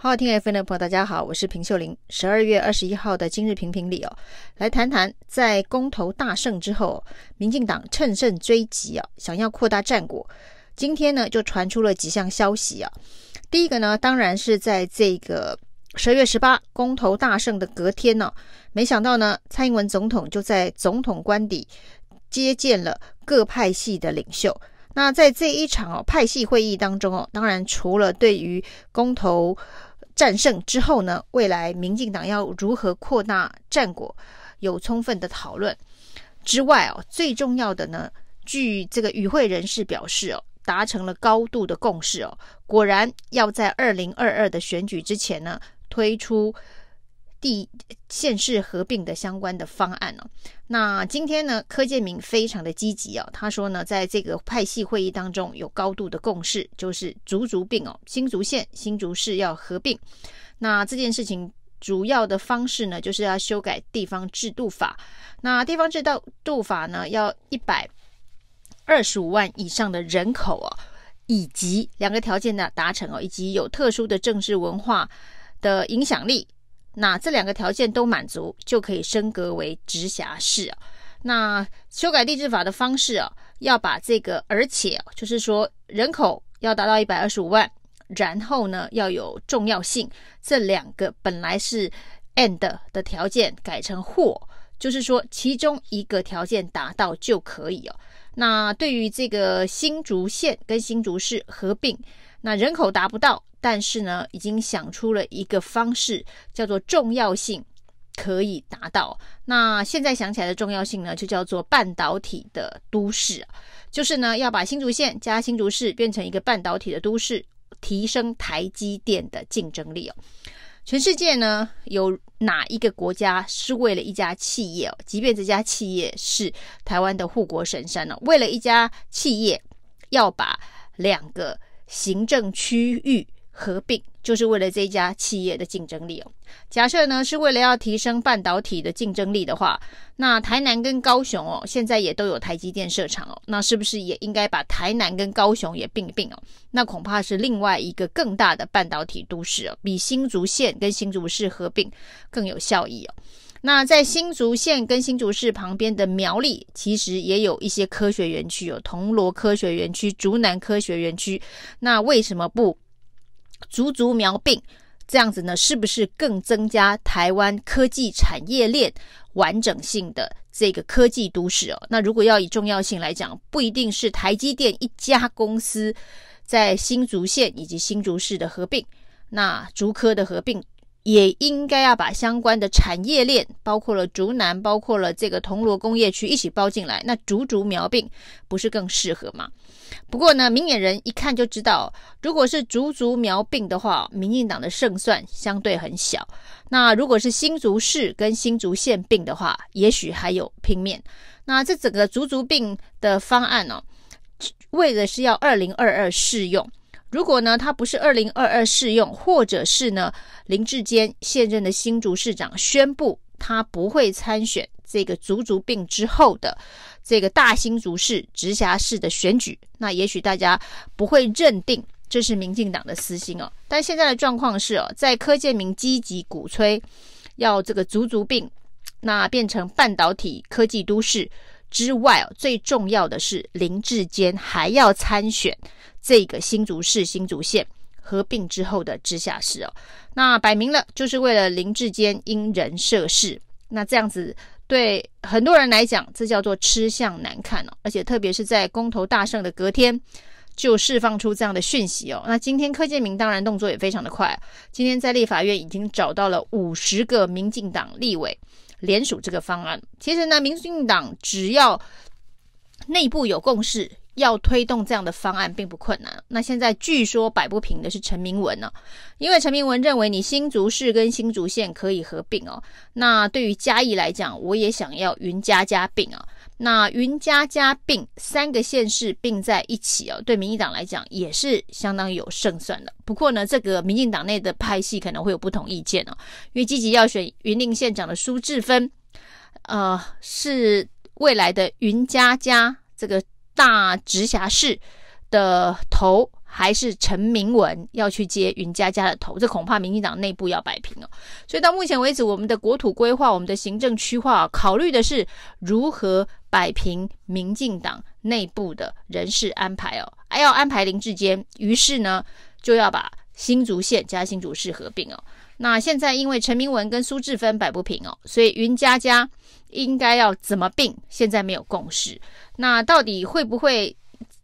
好好聽 FM 的朋友大家好，我是平秀琳。十二月二十一號的今日評評理哦，來談談在公投大勝之後，民進黨乘勝追擊啊，想要擴大戰果。今天呢，就傳出了幾項消息啊。第一個呢，當然是在這個十二月十八公投大勝的隔天呢、啊，沒想到呢，蔡英文總統就在總統官邸接見了各派系的領袖。那在這一場哦、啊、派系會議當中哦、啊，當然除了對於公投戰勝之後呢，未來民進黨要如何擴大戰果，有充分的討論之外哦，最重要的呢，據這個與會人士表示哦，達成了高度的共識哦，果然要在二零二二的選舉之前呢推出。地縣市合併的相關的方案哦，那今天呢，柯建銘非常的積極哦，他說呢，在這個派系會議當中有高度的共識，就是竹竹併哦，新竹縣新竹市要合併，那這件事情主要的方式呢，就是要修改地方制度法，那地方制度度法呢，要一百二十五萬以上的人口哦，以及兩個條件的達成哦，以及有特殊的政治文化的影響力。那這兩個條件都滿足，就可以升格為直轄市啊。那修改地制法的方式啊，要把這個，而且啊就是說人口要達到一百二十五萬，然後呢要有重要性，這兩個本來是 and 的條件，改成或，就是說其中一個條件達到就可以哦啊。那對於這個新竹縣跟新竹市合併，那人口達不到。但是呢，已經想出了一個方式，叫做重要性可以達到。那現在想起來的重要性呢，就叫做半導體的都市，就是呢要把新竹縣加新竹市變成一個半導體的都市，提升台積電的競爭力哦。全世界呢，有哪一個國家是為了一家企業哦，即便這家企業是台灣的護國神山呢哦，為了一家企業要把兩個行政區域。合併就是為了這家企業的競爭力哦。假設呢是為了要提升半導體的競爭力的話，那台南跟高雄哦，現在也都有台積電設廠哦。那是不是也應該把台南跟高雄也併一併哦？那恐怕是另外一個更大的半導體都市哦，比新竹縣跟新竹市合併更有效益哦。那在新竹縣跟新竹市旁邊的苗栗，其實也有一些科學園區哦，銅鑼科學園區、竹南科學園區。那為什麼不？竹竹苗併。這樣子呢，是不是更增加台灣科技產業鏈完整性的這個科技都市哦？那如果要以重要性來講，不一定是台積電一家公司在新竹縣以及新竹市的合併，那竹科的合併。也應該要把相關的產業鏈，包括了竹南，包括了這個銅鑼工業區一起包進來。那竹竹苗併不是更適合嗎？不過呢，明眼人一看就知道，如果是竹竹苗併的話，民進黨的勝算相對很小。那如果是新竹市跟新竹縣併的話，也許還有拼面。那這整個竹竹併的方案呢、哦，為的是要二零二二適用。如果呢，他不是二零二二適用，或者是呢，林智堅現任的新竹市長宣布他不會參選這個竹竹併之後的這個大新竹市直轄市的選舉，那也許大家不會認定這是民進黨的私心哦。但現在的狀況是哦、啊，在柯建銘積極鼓吹要這個竹竹併，那變成半導體科技都市。之外最重要的是林智堅還要參選這個新竹市新竹縣合併之後的直轄市哦，那擺明了就是為了林智堅因人設事。那這樣子對很多人來講，這叫做吃相難看哦，而且特別是在公投大勝的隔天就釋放出這樣的訊息哦，那今天柯建銘當然動作也非常的快，今天在立法院已經找到了五十個民進黨立委。聯署這個方案，其實呢，民進黨只要內部有共識，要推動這樣的方案，並不困難。那現在據說擺不平的是陳明文呢、哦，因為陳明文認為你新竹市跟新竹縣可以合併哦。那對於嘉義來講，我也想要雲嘉嘉併啊。那雲嘉嘉併三個縣市併在一起哦，對民進黨來講也是相當有勝算的。不過呢，這個民進黨內的派系可能會有不同意見哦，因為積極要選雲林縣長的蘇治芬，呃，是未來的雲嘉嘉這個大直轄市的頭。還是陳明文要去接雲嘉嘉的頭，這恐怕民進黨內部要擺平哦。所以到目前為止，我們的國土規劃、我們的行政區劃，考慮的是如何擺平民進黨內部的人事安排哦。還要安排林智堅，於是呢就要把新竹縣加新竹市合併哦。那現在因為陳明文跟蘇治芬擺不平哦，所以雲嘉嘉應該要怎麼併？現在沒有共識。那到底會不會？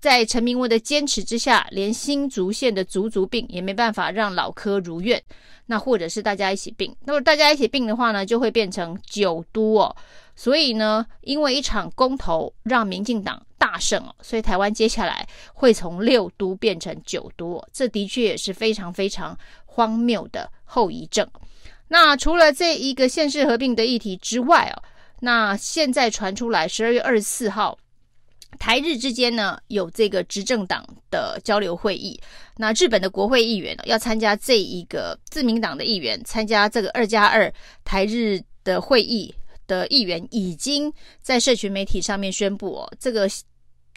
在陳明文的堅持之下，連新竹縣的竹竹併也沒辦法讓老柯如願。那或者是大家一起併，那麼大家一起併的話呢，就會變成九都哦。所以呢，因為一場公投讓民進黨大勝哦，所以台灣接下來會從六都變成九都哦，這的確也是非常非常荒謬的後遺症。那除了這一個縣市合併的議題之外哦，那現在傳出來十二月二十四號。台日之間呢，有這個執政黨的交流會議。那日本的國會議員要參加這一個自民黨的議員參加這個二加二台日的會議的議員，已經在社群媒體上面宣布哦，這個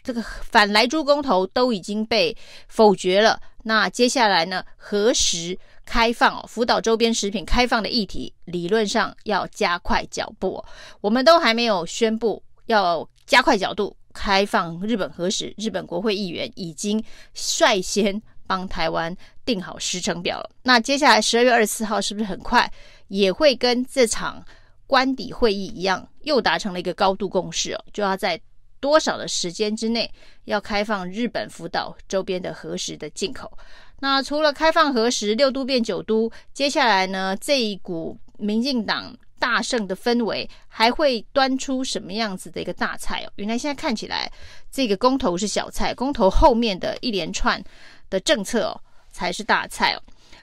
這個反萊豬公投都已經被否決了。那接下來呢，何時開放哦，福島周邊食品開放的議題，理論上要加快腳步哦。我們都還沒有宣布要加快角度。開放日本核食，日本國會議員已經率先幫台灣定好時程表了。那接下來十二月二十四號是不是很快也會跟這場官邸會議一樣，又達成了一個高度共識哦？就要在多少的時間之內要開放日本福島周邊的核食的進口？那除了開放核食，六都變九都，接下來呢，這一股民進黨大勝的氛圍，還會端出什麼樣子的一個大菜哦？原來現在看起來，這個公投是小菜，公投後面的一連串的政策哦，才是大菜哦。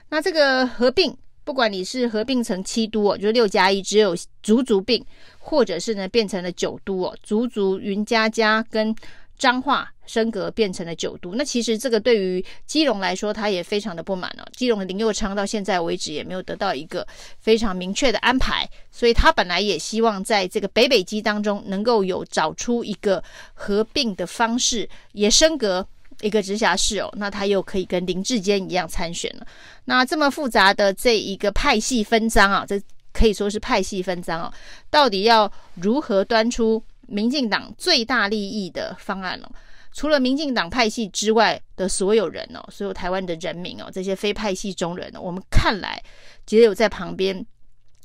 那這個合併，不管你是合併成七都哦，就是六加一只有竹竹併，或者是呢變成了九都哦，竹竹雲嘉嘉、跟彰化升格變成了九都，那其實這個對於基隆來說，他也非常的不滿哦。基隆的林右昌到現在為止也沒有得到一個非常明確的安排，所以他本來也希望在這個北北基當中能夠有找出一個合併的方式，也升格一個直轄市哦。那他又可以跟林智堅一樣參選了。那這麼複雜的這一個派系分贓啊，這可以說是派系分贓哦、啊。到底要如何端出民進黨最大利益的方案哦？除了民進黨派系之外的所有人哦，所有台灣的人民哦，這些非派系中人呢、哦，我們看來只有在旁邊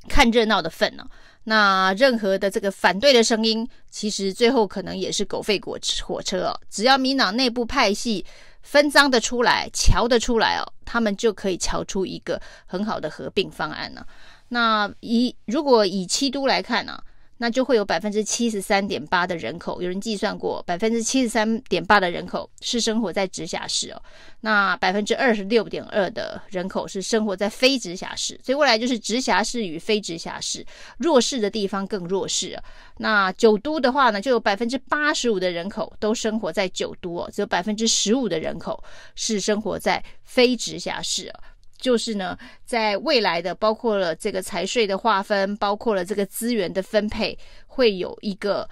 看熱鬧的份哦。那任何的這個反對的聲音，其實最後可能也是狗吠過火車哦。只要民黨內部派系分贓的出來，喬得出來哦，他們就可以喬出一個很好的合併方案呢、啊。那以如果以七都來看呢、啊？那就會有百分之七十三點八的人口，有人計算過，百分之七十三點八的人口是生活在直轄市哦那。那百分之二十六點二的人口是生活在非直轄市，所以未來就是直轄市與非直轄市弱勢的地方更弱勢啊。那九都的話呢，就有百分之八十五的人口都生活在九都哦，只有百分之十五的人口是生活在非直轄市啊就是呢，在未來的包括了這個財稅的劃分，包括了這個資源的分配，會有一個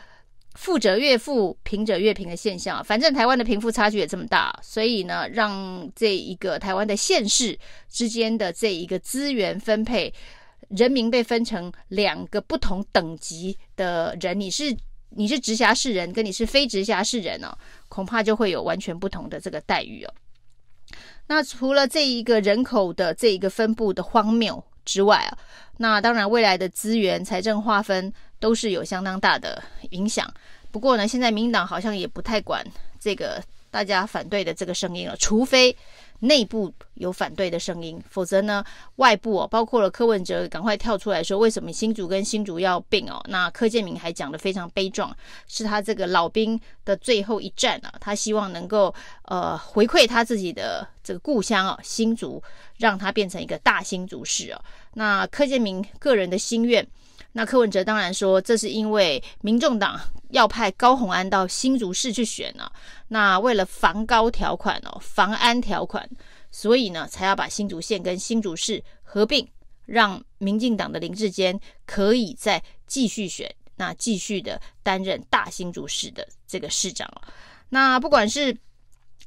富者越富、貧者越貧的現象。反正台灣的貧富差距也這麼大，所以呢，讓這一個台灣的縣市之間的這一個資源分配，人民被分成兩個不同等級的人，你是你是直轄市人，跟你是非直轄市人哦，恐怕就會有完全不同的這個待遇哦。那除了這一個人口的這一個分布的荒謬之外啊，那當然未來的資源財政劃分都是有相當大的影響。不過呢，現在民進黨好像也不太管這個大家反對的這個聲音了，除非。內部有反對的聲音，否則呢，外部哦、啊，包括了柯文哲趕快跳出來說，為什麼新竹跟新竹要併哦、啊。那柯建銘還講得非常悲壯，是他這個老兵的最後一戰啊，他希望能夠呃回饋他自己的這個故鄉哦、啊，新竹，讓他變成一個大新竹市哦、啊。那柯建銘個人的心願。那柯文哲當然說，這是因為民眾黨要派高虹安到新竹市去選啊。那為了防高條款哦，防安條款，所以呢，才要把新竹縣跟新竹市合併，讓民進黨的林智堅可以再繼續選，那繼續的擔任大新竹市的這個市長。那不管是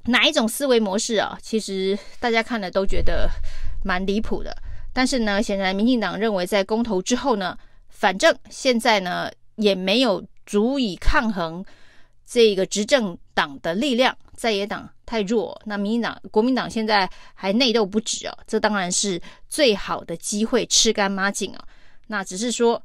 哪一種思維模式啊，其實大家看了都覺得蠻離譜的。但是呢，顯然民進黨認為在公投之後呢。反正現在呢，也沒有足以抗衡這個執政黨的力量，在野黨太弱哦。那民進黨、國民黨現在還內鬥不止哦。這當然是最好的機會吃乾抹淨啊哦。那只是說，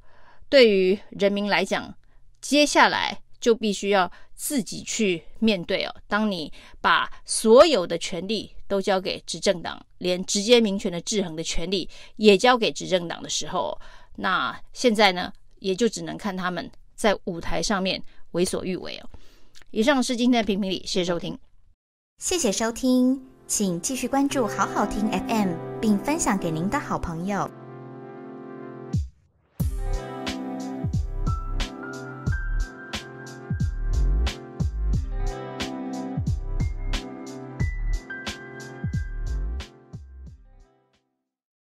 對於人民來講，接下來就必須要自己去面對哦。當你把所有的權力都交給執政黨，連直接民權的制衡的權力也交給執政黨的時候哦。那現在呢，也就只能看他們在舞台上面為所欲為哦。以上是今天的評評理，謝謝收聽，謝謝收聽，請繼續關注好好聽 FM，並分享給您的好朋友。